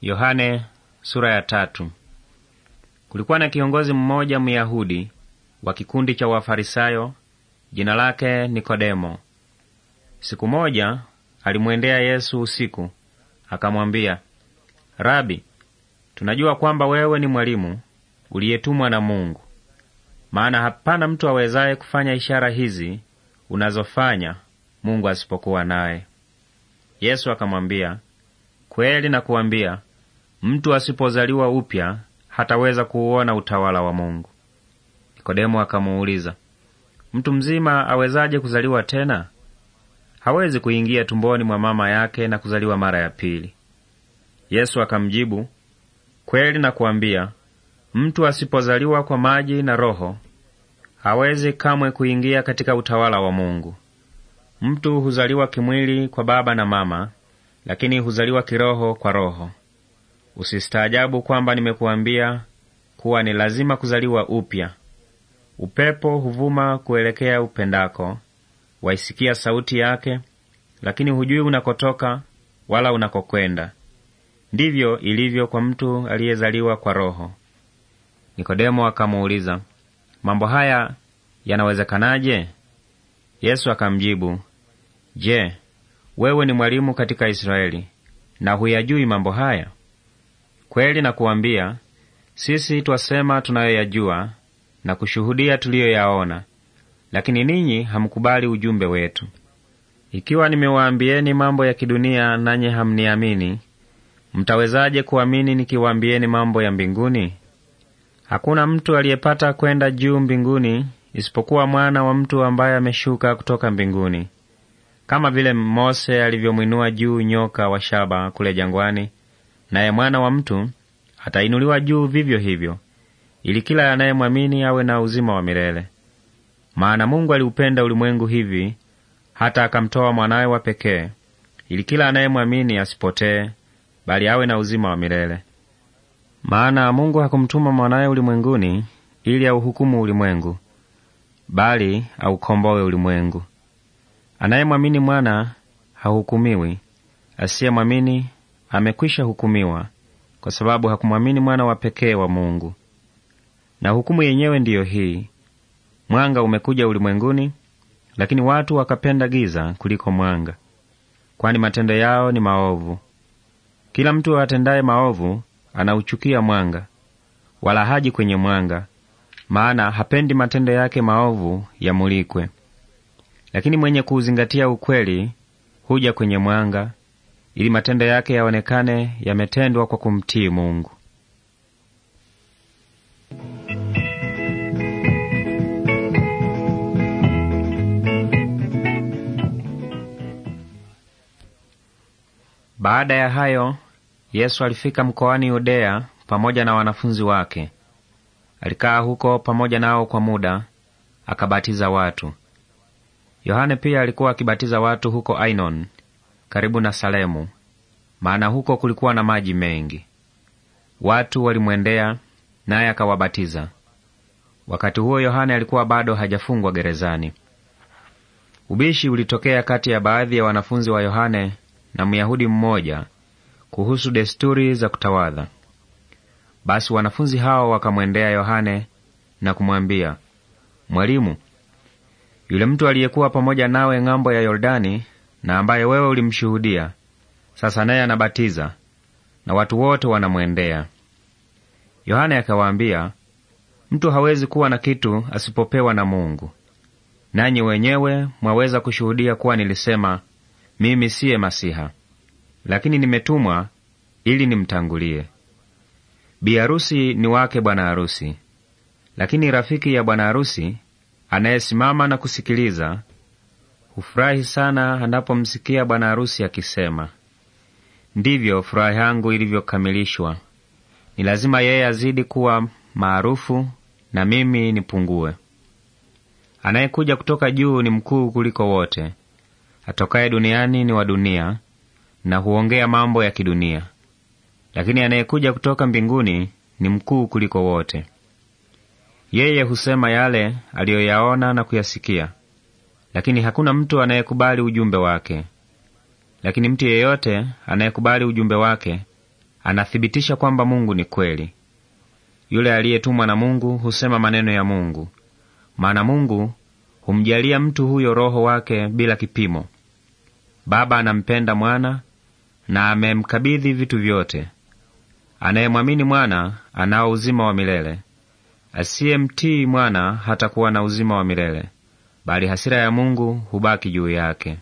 Yohane sura ya tatu. Kulikuwa na kiongozi mmoja Myahudi wa kikundi cha Wafarisayo, jina lake Nikodemo. Siku moja alimwendea Yesu usiku, akamwambia, Rabi, tunajua kwamba wewe ni mwalimu uliyetumwa na Mungu, maana hapana mtu awezaye kufanya ishara hizi unazofanya Mungu asipokuwa naye. Yesu akamwambia, kweli nakuambia Mtu asipozaliwa upya hataweza kuuona utawala wa Mungu. Nikodemo akamuuliza, mtu mzima awezaje kuzaliwa tena? Hawezi kuingia tumboni mwa mama yake na kuzaliwa mara ya pili. Yesu akamjibu, kweli nakuambia, mtu asipozaliwa kwa maji na Roho hawezi kamwe kuingia katika utawala wa Mungu. Mtu huzaliwa kimwili kwa baba na mama, lakini huzaliwa kiroho kwa Roho. Usistaajabu kwamba nimekuambia kuwa ni lazima kuzaliwa upya. Upepo huvuma kuelekea upendako, waisikia sauti yake, lakini hujui unakotoka wala unakokwenda. Ndivyo ilivyo kwa mtu aliyezaliwa kwa Roho. Nikodemo akamuuliza, mambo haya yanawezekanaje? Yesu akamjibu, Je, wewe ni mwalimu katika Israeli na huyajui mambo haya? Kweli nakuwambia, sisi twasema tunayoyajua na kushuhudia tuliyoyaona, lakini ninyi hamkubali ujumbe wetu. Ikiwa nimewaambieni mambo ya kidunia nanyi hamniamini, mtawezaje kuamini nikiwaambieni mambo ya mbinguni? Hakuna mtu aliyepata kwenda juu mbinguni isipokuwa mwana wa mtu ambaye ameshuka kutoka mbinguni. Kama vile Mose alivyomwinua juu nyoka wa shaba kule jangwani, naye mwana wa mtu atainuliwa juu vivyo hivyo, ili kila anayemwamini awe na uzima wa milele. Maana Mungu aliupenda ulimwengu hivi hata akamtoa mwanawe wa pekee, ili kila anayemwamini asipotee, bali awe na uzima wa milele. Maana Mungu hakumtuma mwanawe ulimwenguni ili auhukumu ulimwengu, bali aukombowe ulimwengu. Anayemwamini mwana hahukumiwi, asiyemwamini amekwisha hukumiwa, kwa sababu hakumwamini mwana wa pekee wa Mungu. Na hukumu yenyewe ndiyo hii: mwanga umekuja ulimwenguni, lakini watu wakapenda giza kuliko mwanga, kwani matendo yao ni maovu. Kila mtu atendaye maovu anauchukia mwanga, wala haji kwenye mwanga, maana hapendi matendo yake maovu yamulikwe. Lakini mwenye kuuzingatia ukweli huja kwenye mwanga ili matendo yake yaonekane yametendwa kwa kumtii Mungu. Baada ya hayo, Yesu alifika mkoani Yudea pamoja na wanafunzi wake. Alikaa huko pamoja nao kwa muda, akabatiza watu. Yohane pia alikuwa akibatiza watu huko Ainon karibu na Salemu, maana huko kulikuwa na maji mengi. Watu walimwendea naye akawabatiza. Wakati huo Yohane alikuwa bado hajafungwa gerezani. Ubishi ulitokea kati ya baadhi ya wanafunzi wa Yohane na Myahudi mmoja kuhusu desturi za kutawadha. Basi wanafunzi hao wakamwendea Yohane na kumwambia, Mwalimu, yule mtu aliyekuwa pamoja nawe ng'ambo ya Yordani na ambaye wewe ulimshuhudia, sasa naye anabatiza na watu wote wanamwendea. Yohane akawaambia, mtu hawezi kuwa na kitu asipopewa na Mungu. Nanyi wenyewe mwaweza kushuhudia kuwa nilisema mimi siye Masiha, lakini nimetumwa ili nimtangulie. Biharusi ni wake bwana harusi, lakini rafiki ya bwana harusi anayesimama na kusikiliza hufurahi sana anapomsikia bwana harusi akisema, ndivyo furaha yangu ilivyokamilishwa. Ni lazima yeye azidi kuwa maarufu na mimi nipungue. Anayekuja kutoka juu ni mkuu kuliko wote, atokaye duniani ni wa dunia na huongea mambo ya kidunia, lakini anayekuja kutoka mbinguni ni mkuu kuliko wote. Yeye husema yale aliyoyaona na kuyasikia, lakini hakuna mtu anayekubali ujumbe wake. Lakini mtu yeyote anayekubali ujumbe wake anathibitisha kwamba Mungu ni kweli. Yule aliyetumwa na Mungu husema maneno ya Mungu, maana Mungu humjalia mtu huyo Roho wake bila kipimo. Baba anampenda Mwana na amemkabidhi vitu vyote. Anayemwamini Mwana anao uzima wa milele, asiyemtii Mwana hatakuwa na uzima wa milele bali hasira ya Mungu hubaki juu yake.